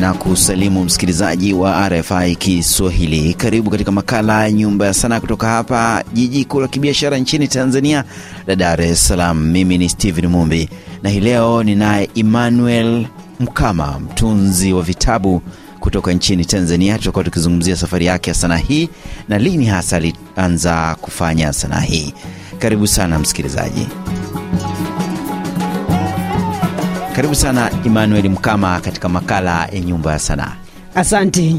na kusalimu msikilizaji wa RFI Kiswahili. Karibu katika makala ya Nyumba ya Sanaa kutoka hapa jiji kuu la kibiashara nchini Tanzania la Dar es Salaam. Mimi ni stephen Mumbi na hii leo ninaye Emmanuel Mkama, mtunzi wa vitabu kutoka nchini Tanzania. Tutakuwa tukizungumzia safari yake ya sanaa hii na lini hasa alianza kufanya sanaa hii. Karibu sana msikilizaji. Karibu sana Emmanuel Mkama katika makala ya Nyumba ya Sanaa. Asante.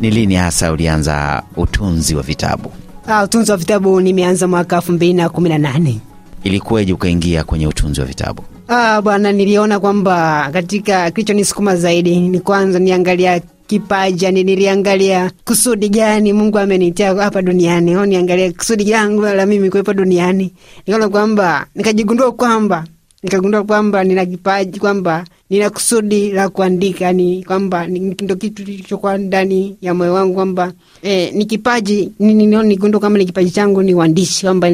Ni lini hasa ulianza utunzi wa vitabu? ha, ah, utunzi wa vitabu nimeanza mwaka elfu mbili na kumi na nane. ukaingia kwenye utunzi wa vitabu? Ah, bwana, niliona kwamba katika kilicho nisukuma zaidi ni kwanza niangalia kipaja niliangalia kusudi gani Mungu amenitia hapa duniani au niangalia kusudi langu la mimi kuwepo duniani. Nikaona kwamba nikajigundua kwamba nikagundua kwamba nina kipaji, kwamba nina kusudi la kuandika, ni kwamba ndo kitu kilichokuwa ndani ya moyo wangu kwamba eh, ni kipaji. Nigundua kwamba ni kipaji changu ni uandishi, kwamba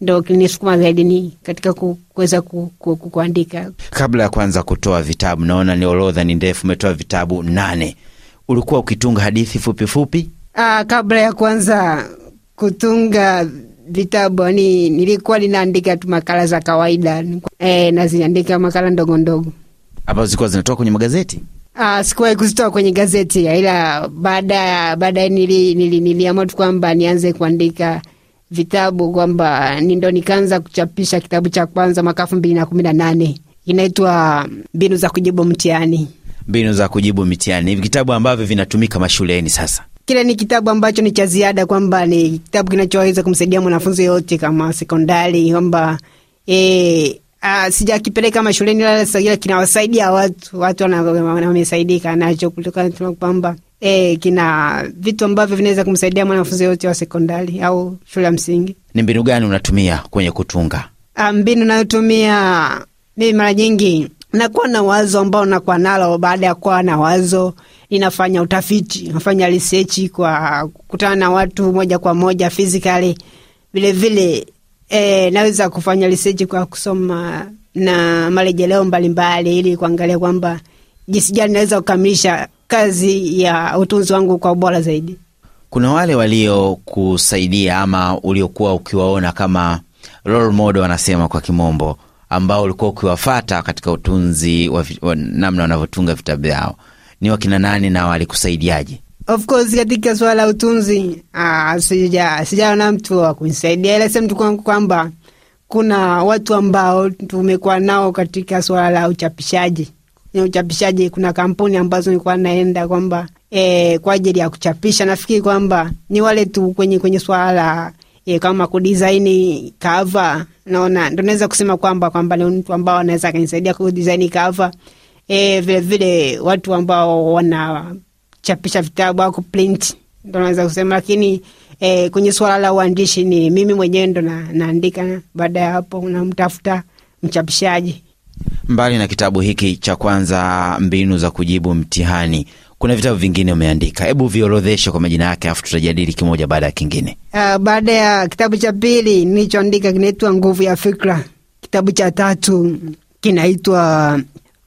ndo kinisukuma zaidi ni katika kuweza ku, ku, ku, kuandika. Kabla ya kuanza kutoa vitabu, naona ni orodha ni ndefu, umetoa vitabu nane. Ulikuwa ukitunga hadithi fupifupi fupi? Aa, ah, kabla ya kuanza kutunga vitabu ni nilikuwa ninaandika tu makala za kawaida e, naziandika makala ndogo ndogo ambazo zilikuwa zinatoka kwenye magazeti. Uh, sikuwahi kuzitoa kwenye gazeti, ila baada baadaye nili, nili, niliamua tu kwamba nianze kuandika vitabu kwamba nindo nikaanza kuchapisha kitabu cha kwanza mwaka elfu mbili na kumi na nane inaitwa mbinu za kujibu mtihani. Mbinu za kujibu mitihani ni vitabu ambavyo vinatumika mashuleni sasa kile ni kitabu ambacho ni cha ziada, kwamba ni kitabu kinachoweza kumsaidia mwanafunzi yoyote kama sekondari, kwamba e, sijakipeleka mashuleni wala kinawasaidia watu, watu wamesaidika nacho kutoka kwamba E, kina vitu ambavyo vinaweza kumsaidia mwanafunzi yote wa sekondari au shule ya msingi. Ni mbinu gani unatumia kwenye kutunga? Ah, mbinu nayotumia mimi mara nyingi nakuwa na wazo ambao nakuwa nalo baada ya kuwa na wazo inafanya utafiti, nafanya research kwa kukutana na watu moja kwa moja physically. Vilevile e, eh, naweza kufanya research kwa kusoma na marejeleo mbalimbali, ili kuangalia kwamba jinsi gani naweza kukamilisha kazi ya utunzi wangu kwa ubora zaidi. Kuna wale waliokusaidia ama uliokuwa ukiwaona kama role model wanasema kwa kimombo, ambao ulikuwa ukiwafata katika utunzi wa, wa namna wanavyotunga vitabu vyao ni wakina nani na walikusaidiaje? Of course katika swala la utunzi ah, sijaona sija mtu wa kunisaidia, ila sehemu tu kwamba kuna watu ambao tumekuwa nao katika swala la uchapishaji ya uchapishaji. Kuna kampuni ambazo nilikuwa naenda kwamba e, kwa ajili ya kuchapisha. Nafikiri kwamba ni wale tu kwenye kwenye swala la eh, e, kama kudisaini kava, naona ndo naweza kusema kwamba kwamba ni mtu ambao anaweza akanisaidia kudisaini cover vilevile eh, vile vile watu ambao wanachapisha vitabu au kuprint ndo naweza kusema, lakini e, kwenye suala la uandishi ni mimi mwenyewe ndo na, naandika. Baada ya hapo namtafuta mchapishaji. Mbali na kitabu hiki cha kwanza, mbinu za kujibu mtihani, kuna vitabu vingine umeandika, hebu viorodheshe kwa majina yake, afu tutajadili kimoja baada ya kingine. Uh, baada ya kitabu cha pili nilichoandika kinaitwa Nguvu ya Fikra. Kitabu cha tatu kinaitwa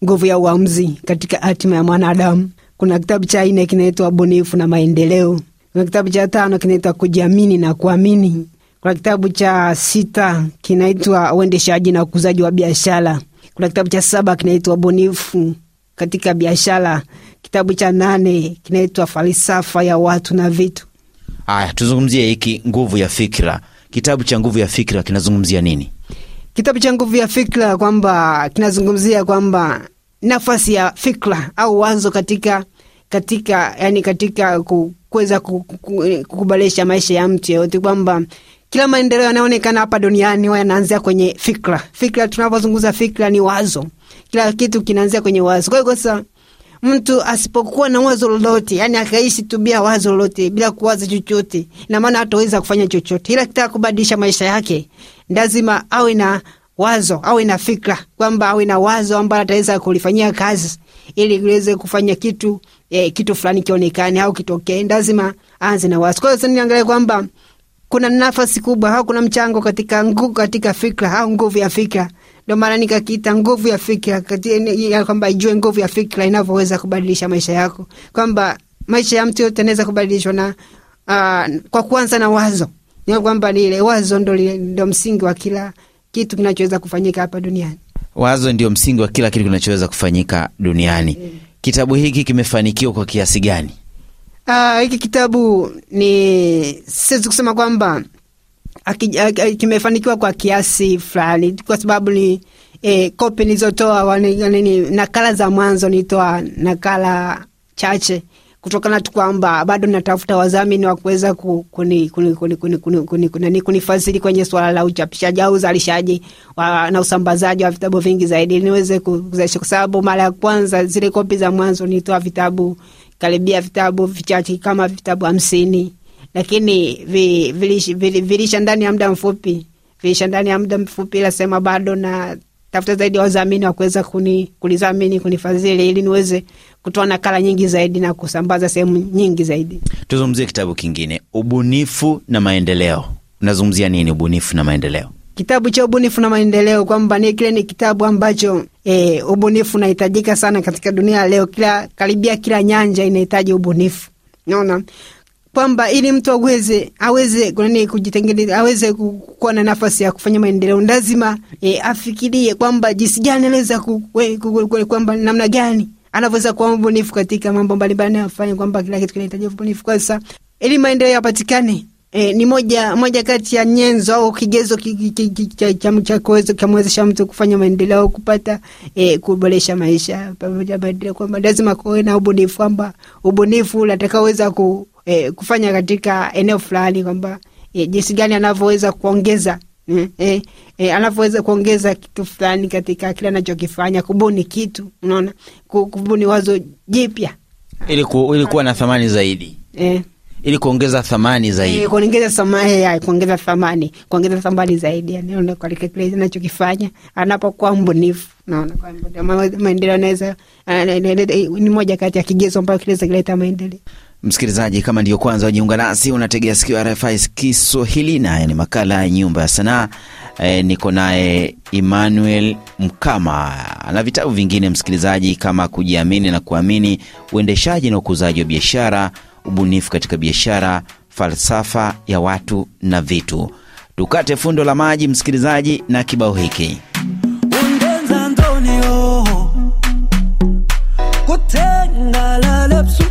nguvu ya uamuzi katika hatima ya mwanadamu. Kuna kitabu cha nne kinaitwa bunifu na maendeleo. Kuna kitabu cha tano kinaitwa kujiamini na kuamini. Kuna kitabu cha sita kinaitwa uendeshaji na ukuzaji wa biashara. Kuna kitabu cha saba kinaitwa bunifu katika biashara. Kitabu cha nane kinaitwa falsafa ya watu na vitu. Aya, tuzungumzie hiki nguvu ya fikra. Kitabu cha nguvu ya fikira kinazungumzia nini? Kitabu cha nguvu ya fikira kwamba kinazungumzia kwamba nafasi ya fikra au wazo katika katika yani katika kuweza kukubalisha maisha ya mtu yeyote, kwamba kila maendeleo yanayoonekana hapa duniani huwa yanaanzia kwenye fikra. Fikra, tunapozungumza fikra ni wazo, kila kitu kinaanzia kwenye wazo. Kwa hiyo sasa mtu asipokuwa na wazo lolote, yani akaishi tu bila wazo lolote, bila kuwaza chochote, na maana hataweza kufanya chochote, ila kitaka kubadilisha maisha yake lazima awe na wazo, awe na fikra kwamba awe na wazo ambalo ataweza kulifanyia kazi ili liweze kufanya kitu eh, kitu fulani kionekane au kitokee, lazima aanze na wazo. Kwa hiyo sasa niangalia kwamba kuna nafasi kubwa au kuna mchango katika nguvu katika fikra au nguvu ya fikra. Ndio maana nikakiita nguvu ya fikra, kwamba ijue nguvu ya fikra inavyoweza kubadilisha maisha yako, kwamba maisha ya mtu yote anaweza kubadilishwa na uh, kwa kuanza na wazo, ni kwamba lile wazo ndo ndo msingi wa kila kitu kinachoweza kufanyika hapa duniani. Wazo ndio msingi wa kila kitu kinachoweza kufanyika duniani. Mm. Kitabu hiki kimefanikiwa kwa kiasi gani? Uh, hiki kitabu ni siwezi kusema kwamba kimefanikiwa kwa kiasi fulani, kwa sababu ni e, eh, kopi nilizotoa nakala za mwanzo, nilitoa nakala chache kutokana tu kwamba bado natafuta wadhamini wa kuweza kunifadhili kwenye swala la uchapishaji au uzalishaji na usambazaji wa vitabu vingi zaidi, niweze kuzalisha, kwa sababu mara ya kwanza zile kopi za mwanzo nitoa vitabu karibia vitabu vichache kama vitabu hamsini, lakini vilisha ndani ya muda mfupi, vilisha ndani ya muda mfupi, lasema bado na tafuta zaidi wazamini wa kuweza kuni, kunifadhili ili niweze kutoa nakala nyingi zaidi na kusambaza sehemu nyingi zaidi. Tuzungumzie kitabu kingine, ubunifu na maendeleo. Unazungumzia nini ubunifu na maendeleo? Kitabu cha ubunifu na maendeleo kwamba ni kile ni kitabu ambacho e, ubunifu unahitajika sana katika dunia leo. Kila karibia kila nyanja inahitaji ubunifu, naona kwamba ili mtu aweze aweze kunani kujitengeneza aweze kuwa na nafasi ya kufanya maendeleo lazima e, afikirie kwamba jinsi gani anaweza kwamba namna gani anavyoweza kuwa mbunifu katika mambo mbalimbali anayofanya, kwamba kila kitu kinahitaji ubunifu. Kwa sasa ili maendeleo yapatikane, e, ni moja moja kati ya nyenzo au kigezo cha mwezesha mtu kufanya maendeleo au kupata e, kuboresha maisha pamoja maendeleo, kwamba lazima kuwe na ubunifu, kwamba ubunifu utakaweza ku e, kufanya katika eneo fulani kwamba e, jinsi gani anavyoweza kuongeza e, e, anavyoweza kuongeza kitu fulani katika kile anachokifanya, kubuni kitu, unaona, kubuni wazo jipya ili kuwa na thamani zaidi e ili kuongeza thamani zaidi, kuongeza thamani, ya kuongeza thamani, kuongeza thamani zaidi, yani ndio katika kile anachokifanya anapokuwa mbunifu. Naona kwa maendeleo anaweza, ni moja kati ya kigezo ambayo kinaweza kuleta maendeleo. Msikilizaji, kama ndiyo kwanza wajiunga nasi, unategea sikio RFI Kiswahili na ni makala ya nyumba ya sanaa. E, niko naye Emmanuel Mkama na vitabu vingine msikilizaji, kama kujiamini na kuamini, uendeshaji na ukuzaji wa biashara, ubunifu katika biashara, falsafa ya watu na vitu. Tukate fundo la maji msikilizaji, na kibao hiki kutenga la lepsu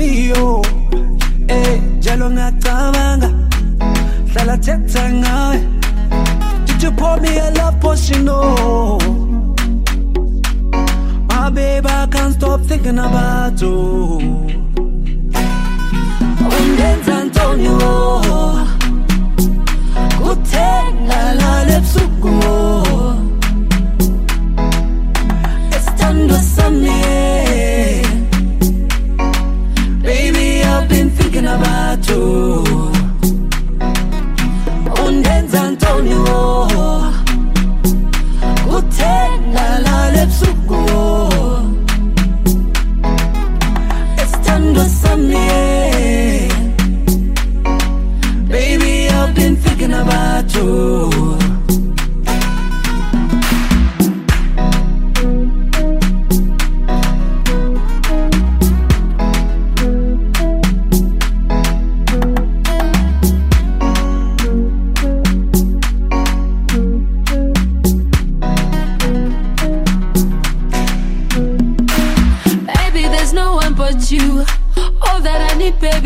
mio Eh, ngacabanga Hlala thetha ngawe Did you pour me a love potion, Oh, My babe, I can't stop thinking about you Ungenza Antonio Kuthe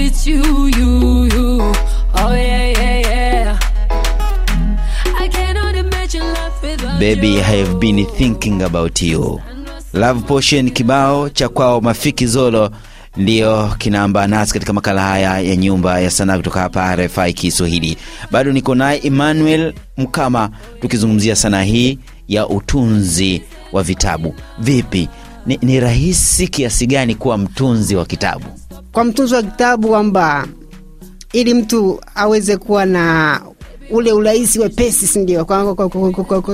it's you, you, you. Oh yeah, yeah, yeah. I cannot imagine life without Baby, I have been thinking about you. Love Potion kibao cha kwao Mafiki Zolo ndiyo kinaamba nasi katika makala haya ya nyumba ya sanaa kutoka hapa RFI Kiswahili. Bado niko naye Emmanuel Mkama tukizungumzia sanaa hii ya utunzi wa vitabu. Vipi, ni, ni rahisi kiasi gani kuwa mtunzi wa kitabu? kwa mtunzi wa kitabu kwamba ili mtu aweze kuwa na ule urahisi wepesi, si ndio?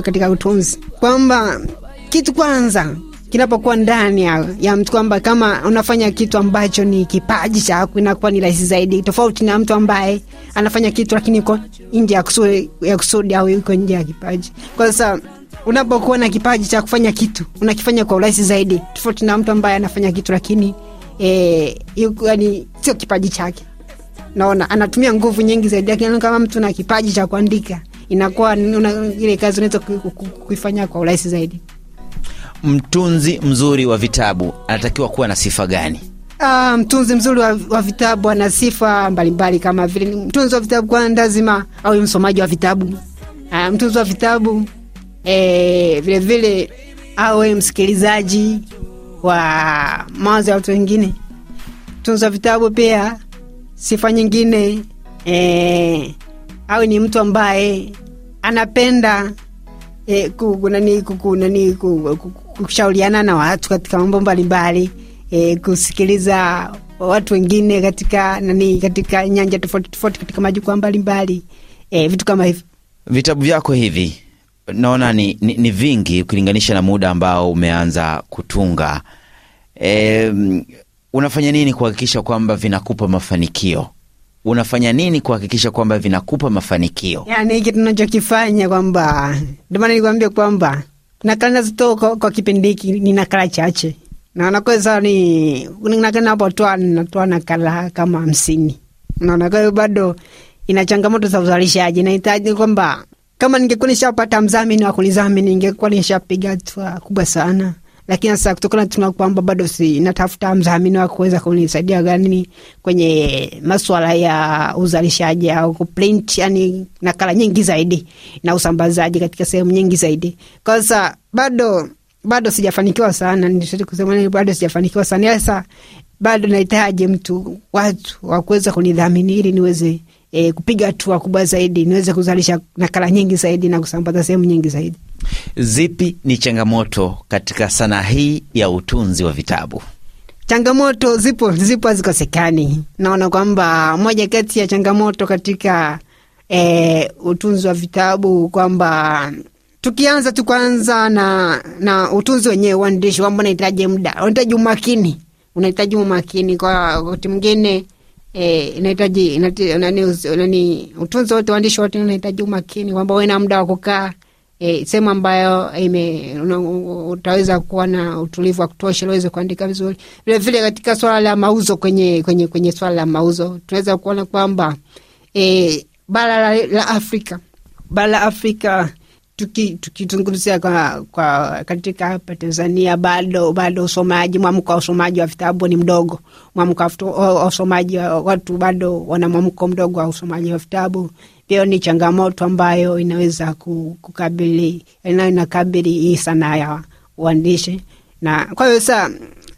Katika utunzi kwamba kitu kwanza kinapokuwa ndani ya, ya mtu kwamba kama unafanya kitu ambacho ni kipaji chako inakuwa ni rahisi zaidi, tofauti na mtu ambaye anafanya kitu lakini iko nje ya kusudi, ya kusudi au iko nje ya kipaji. Kwa sasa unapokuwa na kipaji cha kufanya kitu unakifanya kwa urahisi zaidi, tofauti na mtu ambaye anafanya kitu lakini eh, yani sio kipaji chake. Naona anatumia nguvu nyingi zaidi yake. Kama mtu na kipaji cha kuandika, inakuwa una, ile kazi unaweza kuifanya kwa urahisi zaidi. Mtunzi mzuri wa vitabu anatakiwa kuwa na sifa gani? Uh, mtunzi mzuri wa, wa vitabu ana sifa mbalimbali kama vile mtunzi wa vitabu kwanza lazima awe msomaji wa vitabu. Uh, mtunzi wa vitabu eh, vile vile awe msikilizaji wa mawazo ya watu wengine. Tunza vitabu pia, sifa nyingine eh, e, au ni mtu ambaye anapenda e, eh, kunani kunani kushauriana na watu katika mambo mbalimbali e, kusikiliza watu wengine katika nani, katika nyanja tofauti tofauti, katika majukwaa mbalimbali e, vitu kama hivyo. Vitabu vyako hivi naona ni, ni, ni vingi ukilinganisha na muda ambao umeanza kutunga. E, unafanya nini kuhakikisha kwamba vinakupa mafanikio? Unafanya nini kuhakikisha kwamba vinakupa mafanikio? Yani hiki tunachokifanya kwamba, ndio nikuambia kwamba nakala nazitoa kwa, kwa kipindi hiki ni nakala chache, na nakweza ni nakala hapo nakala kama hamsini. Naona kwa bado ina changamoto za uzalishaji, nahitaji kwamba kama ningekuwa nishapata mzamini wa kunidhamini, ningekuwa nishapiga hatua kubwa sana, lakini sasa kutokana tuna kwamba bado si natafuta mzamini wa kuweza kunisaidia gani kwenye maswala ya uzalishaji au kuprint, yani nakala nyingi zaidi na usambazaji katika sehemu nyingi zaidi. Kwa sasa bado bado sijafanikiwa sana, nishati kusema nini, bado sijafanikiwa sana. Yaani sasa bado nahitaji mtu, watu wa kuweza kunidhamini ili niweze e, kupiga hatua kubwa zaidi niweze kuzalisha nakala nyingi zaidi na kusambaza sehemu nyingi zaidi. Zipi ni changamoto katika sanaa hii ya utunzi wa vitabu? Changamoto zipo, zipo hazikosekani. Naona kwamba moja kati ya changamoto katika e, utunzi wa vitabu kwamba tukianza tu kwanza na, na utunzi wenyewe uandishi kwamba unahitaji muda, unahitaji umakini, unahitaji umakini kwa wakati mwingine eh, inahitaji nani, utunzi wote, uandishi wote unahitaji umakini, kwamba uwe na muda wa kukaa eh, sehemu ambayo eh, ime, utaweza kuwa na utulivu wa kutosha uweze kuandika vizuri. Vilevile katika swala la mauzo, kwenye, kwenye, kwenye swala la mauzo tunaweza kuona kwamba eh, bara la, la Afrika bara la Afrika tukizungumzia tuki kwa, kwa katika hapa Tanzania bado bado usomaji mwamko wa usomaji wa vitabu ni mdogo. Mwamko wa usomaji wa watu bado wana mwamko mdogo wa usomaji wa vitabu. Hiyo ni changamoto ambayo inaweza kukabili inakabili hii sanaa ya uandishi, na kwa hiyo sa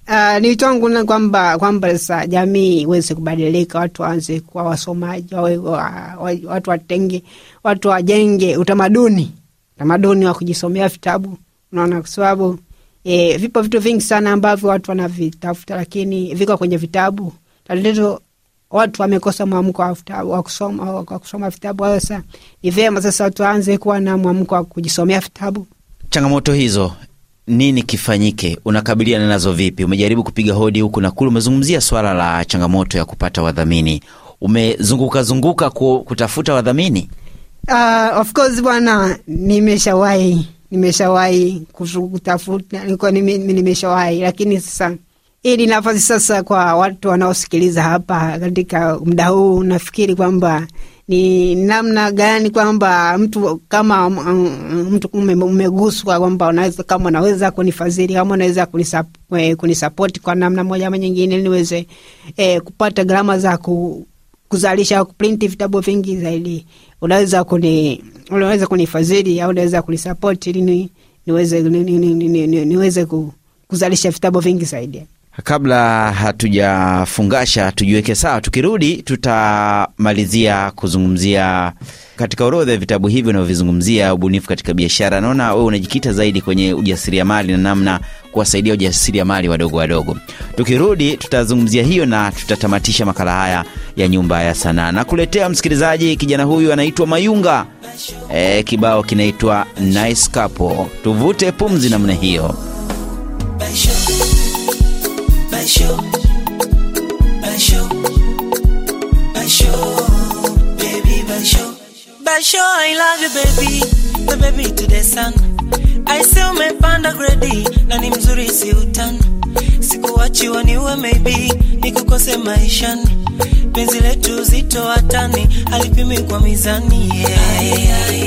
Uh, ni wito kwamba kwamba sasa jamii iweze kubadilika, watu waanze kuwa wasomaji, watu watenge, watu wajenge utamaduni tamaduni wa kujisomea vitabu, unaona, kwa sababu e, vipo vitu vingi sana ambavyo watu wanavitafuta, lakini viko kwenye vitabu tatizo watu wamekosa mwamko wa kusoma, wa kusoma vitabu. Sasa ni vyema sasa tuanze kuwa na mwamko wa kujisomea vitabu. Changamoto hizo nini kifanyike? Unakabiliana nazo vipi? Umejaribu kupiga hodi huku na kule, umezungumzia swala la changamoto ya kupata wadhamini, umezungukazunguka kutafuta wadhamini. Uh, of course bwana, nimeshawahi nimeshawahi kutafuta, nilikuwa nimeshawahi, lakini sasa ili ni nafasi sasa kwa watu wanaosikiliza hapa katika muda huu, nafikiri kwamba ni namna gani kwamba mtu kama um, um, mtu umeguswa kwamba unaweza kama unaweza kunifadhili kama unaweza eh, kunisapoti kwa namna moja ama nyingine, niweze eh, kupata gharama za ku, kuzalisha kuprinti vitabu vingi zaidi unaweza kuni unaweza kunifadhili au unaweza kunisapoti ili niweze niweze kuzalisha vitabu vingi zaidi. Kabla hatujafungasha tujiweke sawa. Tukirudi tutamalizia kuzungumzia katika orodha ya vitabu hivyo unavyovizungumzia ubunifu katika biashara. Naona wewe unajikita zaidi kwenye ujasiriamali na namna kuwasaidia ujasiriamali wadogo wadogo. Tukirudi tutazungumzia hiyo na tutatamatisha makala haya ya Nyumba ya Sanaa na kuletea msikilizaji, kijana huyu anaitwa Mayunga. E, kibao kinaitwa Nice Couple. Tuvute pumzi namna hiyo. Basho, I love na ni mzuri si utani. Sikuachiwa niwe maybe, nikukose maishani. Penzi letu zito hatani, halipimi kwa mizani. Yeah. Ay, ay.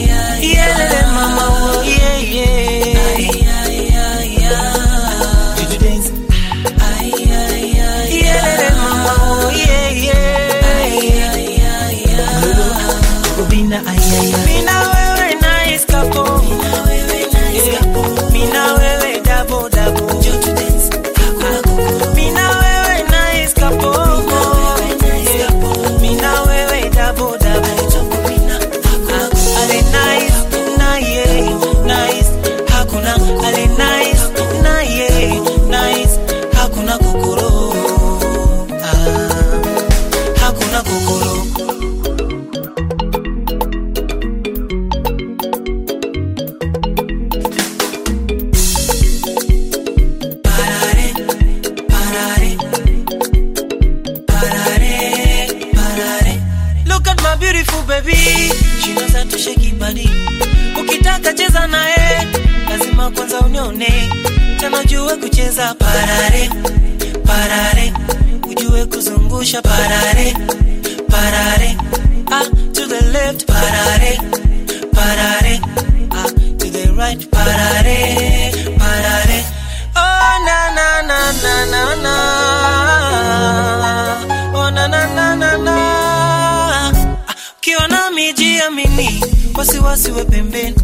wasiwasi wa pembeni,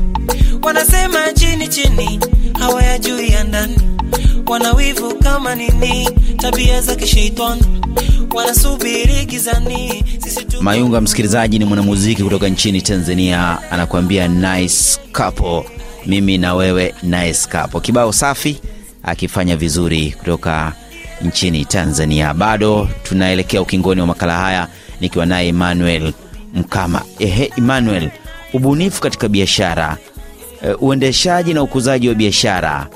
wanasema chini chini, hawayajui ya ndani, wanawivu kama nini, tabia za kisheitani wanasubiri gizani. Mayunga, msikilizaji, ni mwanamuziki kutoka nchini Tanzania, anakuambia nice couple, mimi na wewe nice couple, kibao safi, akifanya vizuri kutoka nchini Tanzania. Bado tunaelekea ukingoni wa makala haya nikiwa naye Emmanuel Mkama. Ehe, Emmanuel, ubunifu katika biashara, eh, uendeshaji na ukuzaji wa biashara,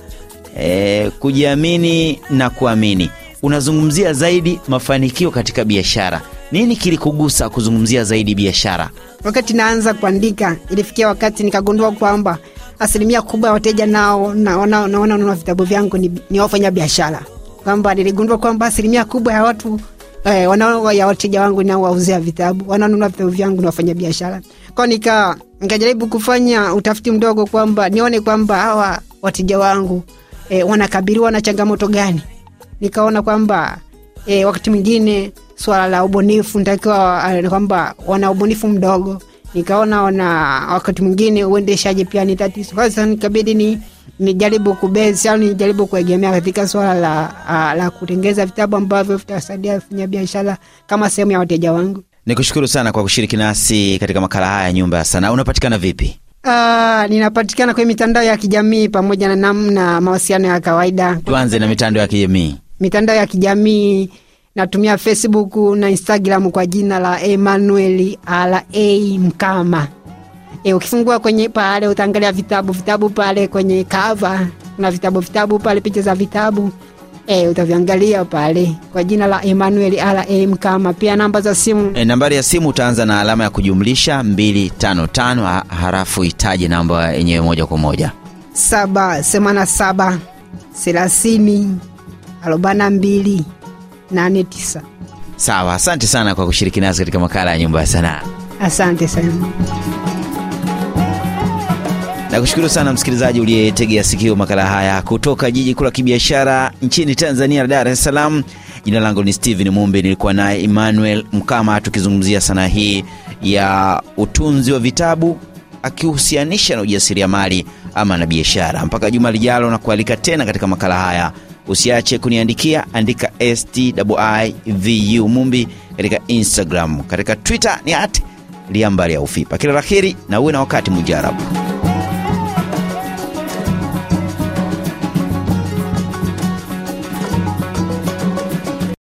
e, kujiamini na kuamini. Unazungumzia zaidi mafanikio katika biashara. Nini kilikugusa kuzungumzia zaidi biashara? Wakati naanza kuandika, ilifikia wakati nikagundua kwamba asilimia kubwa ya wateja nao naona vitabu vyangu ni, ni wafanya biashara, kwamba niligundua kwamba asilimia kubwa ya watu eh, wanao wateja wangu nao wauzia vitabu, wanaonunua vitabu vyangu ni wafanya biashara kwa nika nikajaribu kufanya utafiti mdogo kwamba nione kwamba hawa wateja wangu e, eh, wanakabiriwa na changamoto gani. Nikaona kwamba e, wakati mwingine swala la ubunifu ntakiwa eh, kwamba wana ubunifu mdogo, nikaona wana wakati mwingine uendeshaji pia ni tatizo. Sasa nikabidi ni nijaribu kubesi au nijaribu kuegemea katika swala la, ah, la kutengeza vitabu ambavyo vitasaidia fanya biashara kama sehemu ya wateja wangu. Nikushukuru sana kwa kushiriki nasi katika makala haya nyumba ya sanaa. Unapatikana vipi? Uh, ninapatikana kwenye mitandao ya kijamii pamoja na namna mawasiliano ya kawaida. Tuanze na mitandao ya kijamii. Mitandao ya kijamii natumia Facebook na Instagram kwa jina la Emmanuel Ala Mkama. E, ukifungua kwenye pale utaangalia vitabu vitabu pale kwenye kava na vitabu vitabu pale, picha za vitabu E, eh, utaviangalia pale kwa jina la Emmanuel Ala Mkama. Pia namba za simu e, nambari ya simu utaanza na alama ya kujumlisha 255 harafu itaje namba yenyewe moja kwa moja 787 30 42 89. Sawa, asante sana kwa kushiriki nasi katika makala ya Nyumba ya Sanaa. Asante sana. Nakushukuru sana msikilizaji uliyetegea sikio makala haya kutoka jiji kuu la kibiashara nchini Tanzania la Dar es Salaam. Jina langu ni stehen Mumbe, nilikuwa naye Emmanuel Mkama tukizungumzia sanaa hii ya utunzi wa vitabu akihusianisha na ujasiriamali ama na biashara. Mpaka juma lijalo, na kualika tena katika makala haya. Usiache kuniandikia, andika Stivu Mumbi katika Instagram, katika Twitter ni at Liambari ya Ufipa. Kila la heri na uwe na wakati mujarabu.